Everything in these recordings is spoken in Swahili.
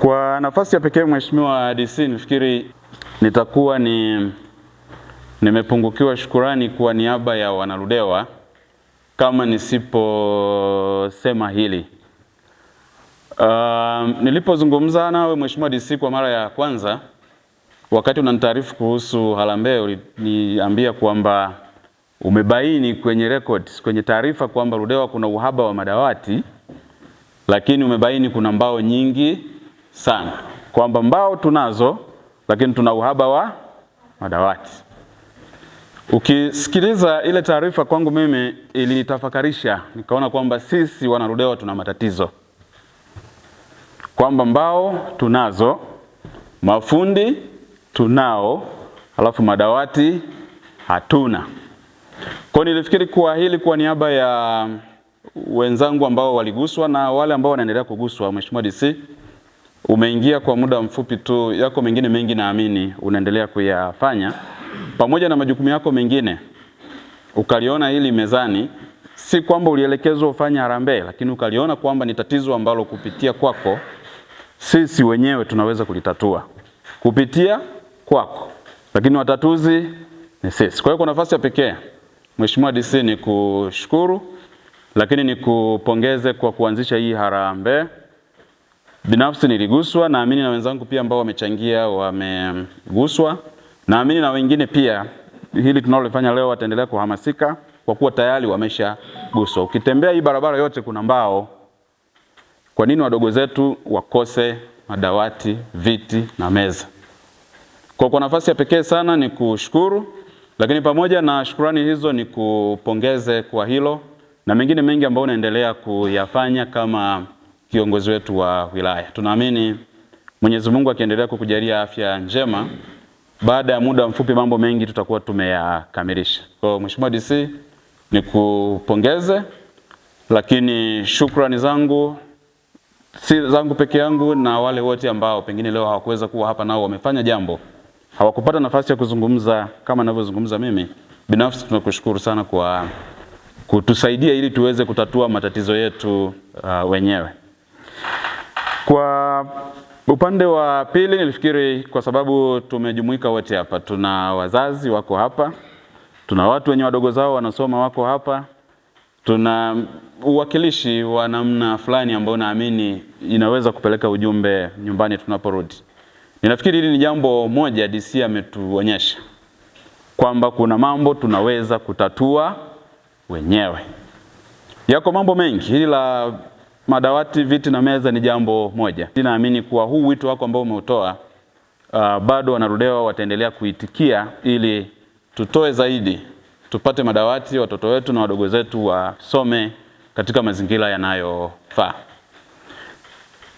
Kwa nafasi ya pekee Mheshimiwa DC, nifikiri nitakuwa ni nimepungukiwa shukurani kwa niaba ya wanaludewa kama nisiposema hili. Uh, nilipozungumza nawe Mheshimiwa DC kwa mara ya kwanza wakati unanitaarifu kuhusu harambee uliniambia kwamba umebaini kwenye records, kwenye taarifa kwamba Ludewa kuna uhaba wa madawati, lakini umebaini kuna mbao nyingi sana kwamba mbao tunazo, lakini tuna uhaba wa madawati. Ukisikiliza ile taarifa, kwangu mimi ilinitafakarisha, nikaona kwamba sisi wanarudewa tuna matatizo, kwamba mbao tunazo, mafundi tunao, alafu madawati hatuna. Kwa nilifikiri kuwa hili kwa niaba ya wenzangu ambao waliguswa na wale ambao wanaendelea kuguswa, Mheshimiwa DC umeingia kwa muda mfupi tu, yako mengine mengi naamini unaendelea kuyafanya pamoja na majukumu yako mengine, ukaliona hili mezani, si kwamba ulielekezwa ufanye harambee, lakini ukaliona kwamba ni tatizo ambalo kupitia kwako sisi wenyewe tunaweza kulitatua kupitia kwako, lakini watatuzi ni sisi. Kwa hiyo kwa nafasi ya pekee Mheshimiwa DC ni kushukuru, lakini nikupongeze kwa kuanzisha hii harambee. Binafsi niliguswa, naamini na wenzangu pia ambao wamechangia wameguswa, naamini na wengine pia hili tunalofanya leo wataendelea kuhamasika kwa kuwa tayari wameshaguswa. Ukitembea hii barabara yote kuna mbao. Kwa nini wadogo zetu wakose madawati, viti na meza? Kwa kwa nafasi ya pekee sana ni kushukuru, lakini pamoja na shukurani hizo ni kupongeze kwa hilo na mengine mengi ambayo unaendelea kuyafanya kama kiongozi wetu wa wilaya. Tunaamini Mwenyezi Mungu akiendelea kukujalia afya njema, baada ya muda mfupi mambo mengi tutakuwa tumeyakamilisha. Kwa Mheshimiwa DC, nikupongeze, lakini shukrani zangu si zangu peke yangu, na wale wote ambao pengine leo hawakuweza kuwa hapa nao wamefanya jambo, hawakupata nafasi ya kuzungumza kama ninavyozungumza mimi binafsi. Tunakushukuru sana kwa kutusaidia ili tuweze kutatua matatizo yetu uh, wenyewe. Kwa upande wa pili nilifikiri kwa sababu tumejumuika wote hapa, tuna wazazi wako hapa, tuna watu wenye wadogo zao wanasoma wako hapa, tuna uwakilishi wa namna fulani ambao naamini inaweza kupeleka ujumbe nyumbani tunaporudi. Ninafikiri hili ni jambo moja DC ametuonyesha kwamba kuna mambo tunaweza kutatua wenyewe. Yako mambo mengi hili la madawati, viti na meza ni jambo moja. Ninaamini kuwa huu wito wako ambao umeutoa uh, bado wanarudewa wataendelea kuitikia ili tutoe zaidi, tupate madawati, watoto wetu na wadogo zetu wasome katika mazingira yanayofaa.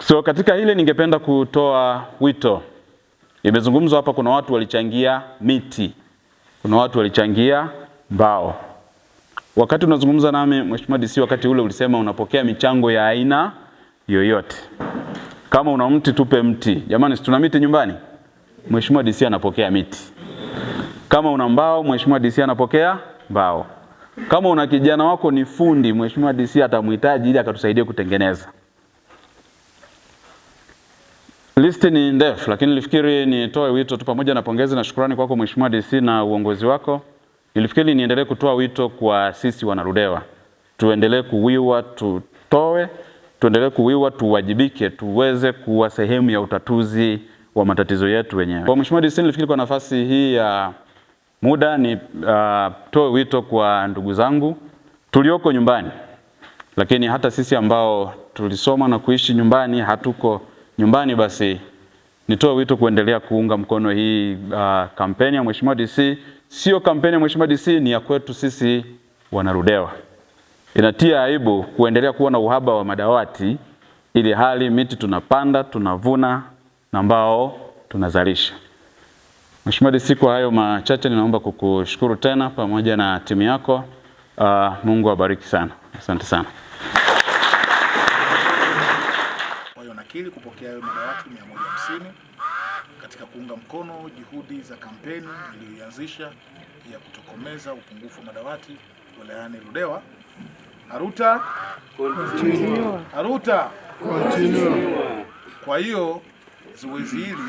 So katika hili ningependa kutoa wito. Imezungumzwa hapa, kuna watu walichangia miti, kuna watu walichangia mbao. Wakati unazungumza nami Mheshimiwa DC, wakati ule ulisema unapokea michango ya aina yoyote. Kama una mti tupe mti. Jamani, si tuna miti nyumbani? Mheshimiwa DC anapokea miti. Kama una mbao, Mheshimiwa DC anapokea mbao. Kama una kijana wako ni fundi, Mheshimiwa DC atamhitaji ili akatusaidie kutengeneza. Listi ni ndefu, lakini nilifikiri nitoe wito tu pamoja na pongezi na shukrani kwako Mheshimiwa DC na uongozi wako Nilifikiri niendelee kutoa wito kwa sisi wanarudewa tuendelee kuwiwa, tutoe, tuendelee kuwiwa, tuwajibike, tuweze kuwa sehemu ya utatuzi wa matatizo yetu wenyewe. Kwa Mheshimiwa DC, nilifikiri kwa nafasi hii ya muda nitoe uh, wito kwa ndugu zangu tulioko nyumbani, lakini hata sisi ambao tulisoma na kuishi nyumbani, hatuko nyumbani, basi nitoe wito kuendelea kuunga mkono hii uh, kampeni ya Mheshimiwa DC. Sio kampeni ya Mheshimiwa DC, ni ya kwetu sisi wanarudewa. Inatia aibu kuendelea kuwa na uhaba wa madawati ili hali miti tunapanda, tunavuna na mbao tunazalisha. Mheshimiwa DC, kwa hayo machache ninaomba kukushukuru tena pamoja na timu yako. Uh, Mungu awabariki sana. Asante sana. akili kupokea hayo madawati 150 katika kuunga mkono juhudi za kampeni iliyoianzisha ya kutokomeza upungufu wa madawati wilayani Ludewa. Haruta continue. Haruta continue. Kwa hiyo zoezi hili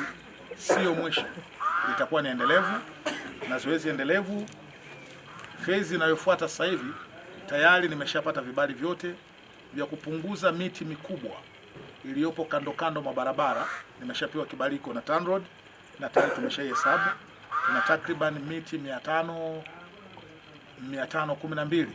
sio mwisho, litakuwa ni endelevu, na zoezi endelevu, fezi inayofuata sasa hivi tayari nimeshapata vibali vyote vya kupunguza miti mikubwa iliyopo kando kando mwa barabara nimeshapewa kibaliko na TANROADS na tayari tumeshahesabu Tuna takriban miti 500 512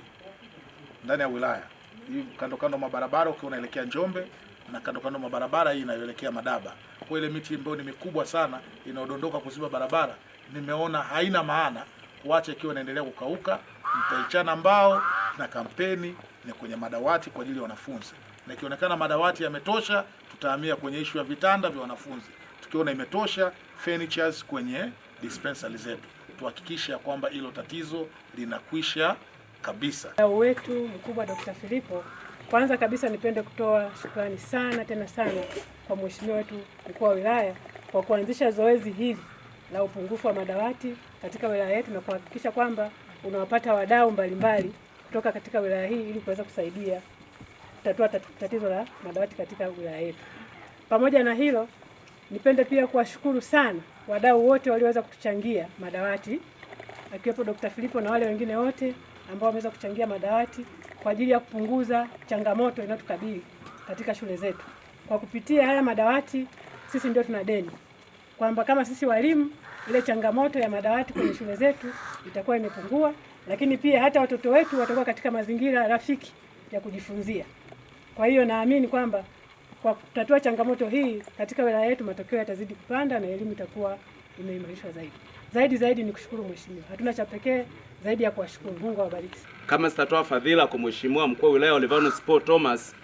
ndani ya wilaya hii kando kando mwa barabara ukiwa unaelekea Njombe na kando kando mwa barabara hii inayoelekea Madaba. Kwa ile miti ambayo ni mikubwa sana inaodondoka kuziba barabara, nimeona haina maana kuacha ikiwa inaendelea kukauka. Mtaichana mbao na kampeni ni kwenye madawati kwa ajili ya wanafunzi na ikionekana madawati yametosha, tutahamia kwenye ishu ya vitanda vya wanafunzi. Tukiona imetosha, furnitures kwenye dispensary zetu, tuhakikishe ya kwamba hilo tatizo linakwisha kabisa. Dau wetu mkubwa Dr. Filipo, kwanza kabisa nipende kutoa shukrani sana tena sana kwa mheshimiwa wetu mkuu wa wilaya kwa kuanzisha zoezi hili la upungufu wa madawati katika wilaya yetu na kuhakikisha kwamba unawapata wadau mbalimbali kutoka katika wilaya hii ili kuweza kusaidia kutatua tatizo la madawati katika wilaya yetu. Pamoja na hilo, nipende pia kuwashukuru sana wadau wote walioweza kutuchangia madawati akiwepo Dr. Filipo na wale wengine wote ambao wameweza kuchangia madawati kwa ajili ya kupunguza changamoto inayotukabili katika shule zetu. Kwa kupitia haya madawati sisi ndio tuna deni kwamba kama sisi walimu, ile changamoto ya madawati kwenye shule zetu itakuwa imepungua, lakini pia hata watoto wetu watakuwa katika mazingira rafiki ya kujifunzia. Kwa hiyo naamini kwamba kwa kutatua changamoto hii katika wilaya yetu matokeo yatazidi kupanda na elimu itakuwa imeimarishwa zaidi. Zaidi zaidi ni kushukuru mheshimiwa, hatuna cha pekee zaidi ya kuwashukuru. Mungu awabariki. Kama sitatoa fadhila kwa mheshimiwa mkuu wa wilaya Olivanus Paul Thomas,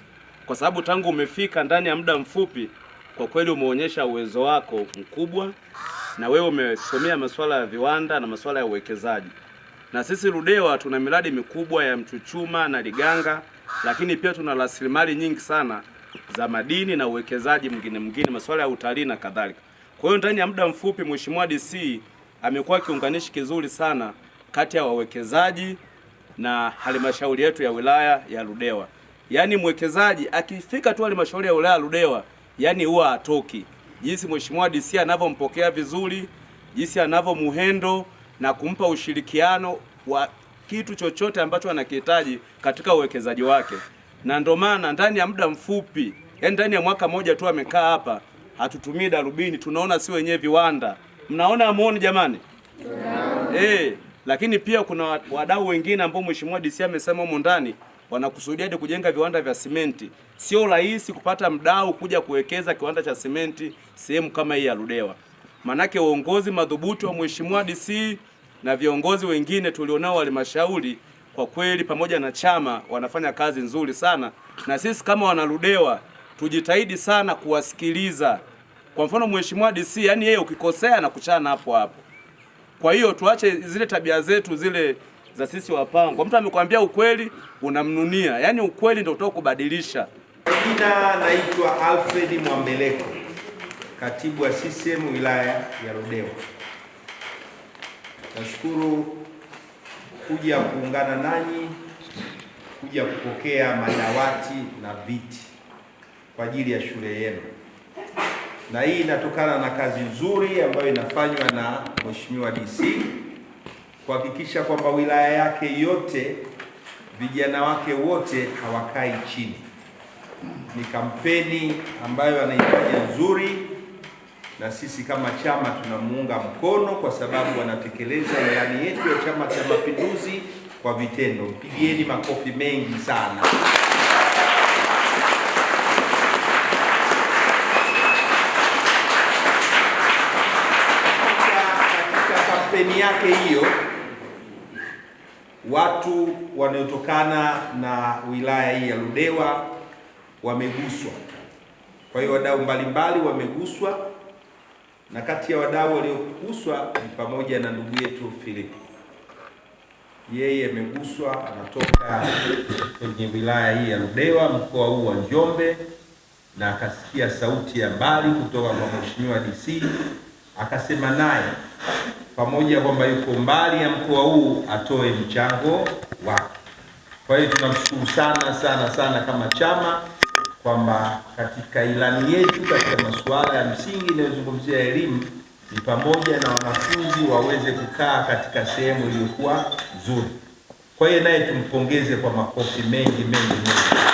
kwa sababu tangu umefika ndani ya muda mfupi, kwa kweli umeonyesha uwezo wako mkubwa, na wewe umesomea masuala ya viwanda na masuala ya uwekezaji, na sisi Ludewa tuna miradi mikubwa ya Mchuchuma na Liganga lakini pia tuna rasilimali nyingi sana za madini na uwekezaji mwingine mwingine, masuala ya utalii na kadhalika. Kwa hiyo ndani ya muda mfupi, Mheshimiwa DC amekuwa kiunganishi kizuri sana kati ya wawekezaji na halmashauri yetu ya wilaya ya Ludewa. Yaani mwekezaji akifika tu halmashauri ya wilaya ya Ludewa, yani huwa atoki. Jinsi Mheshimiwa DC anavyompokea vizuri, jinsi anavyomuhendo na kumpa ushirikiano wa kitu chochote ambacho anakihitaji katika uwekezaji wake, na ndio maana ndani ya muda mfupi, yani ndani ya mwaka moja tu amekaa hapa, hatutumii darubini, tunaona si wenyewe viwanda. Mnaona amuoni jamani? Yeah. Hey, lakini pia kuna wadau wengine ambao mheshimiwa DC amesema humo ndani wanakusudia hadi kujenga viwanda vya simenti. Sio rahisi kupata mdau kuja kuwekeza kiwanda cha simenti sehemu kama hii ya Ludewa, manake uongozi madhubuti wa mheshimiwa DC na viongozi wengine tulionao wa halmashauri kwa kweli pamoja na chama wanafanya kazi nzuri sana, na sisi kama wanaludewa tujitahidi sana kuwasikiliza. Kwa mfano mheshimiwa DC, yani yeye ukikosea na kuchana hapo hapo. Kwa hiyo tuache zile tabia zetu zile za sisi wapangwa, mtu amekwambia ukweli unamnunia, yani ukweli ndio kubadilisha Jina naitwa Alfred Mwambeleko, katibu wa CCM wilaya ya Ludewa nashukuru kuja kuungana nanyi kuja kupokea madawati na viti kwa ajili ya shule yenu, na hii inatokana na kazi nzuri ambayo inafanywa na Mheshimiwa DC kuhakikisha kwamba wilaya yake yote vijana wake wote hawakai chini. Ni kampeni ambayo anaifanya nzuri na sisi kama chama tunamuunga mkono kwa sababu anatekeleza ilani yetu ya Chama cha Mapinduzi kwa vitendo. Pigieni makofi mengi sana. Katika kampeni yake hiyo, watu wanaotokana na wilaya hii ya Ludewa wameguswa, kwa hiyo wadau mbalimbali wameguswa na kati ya wadau walioguswa ni pamoja na ndugu yetu Philip. Yeye ameguswa, anatoka kwenye wilaya hii ya Ludewa, mkoa huu wa Njombe, na akasikia sauti ya mbali kutoka kwa mheshimiwa DC, akasema naye pamoja kwamba yuko mbali ya mkoa huu atoe mchango wake. Kwa hiyo tunamshukuru sana sana sana kama chama kwamba katika ilani yetu katika masuala ya msingi inayozungumzia elimu ni pamoja na wanafunzi waweze kukaa katika sehemu iliyokuwa nzuri. Kwa hiyo naye tumpongeze kwa makofi mengi mengi mengi.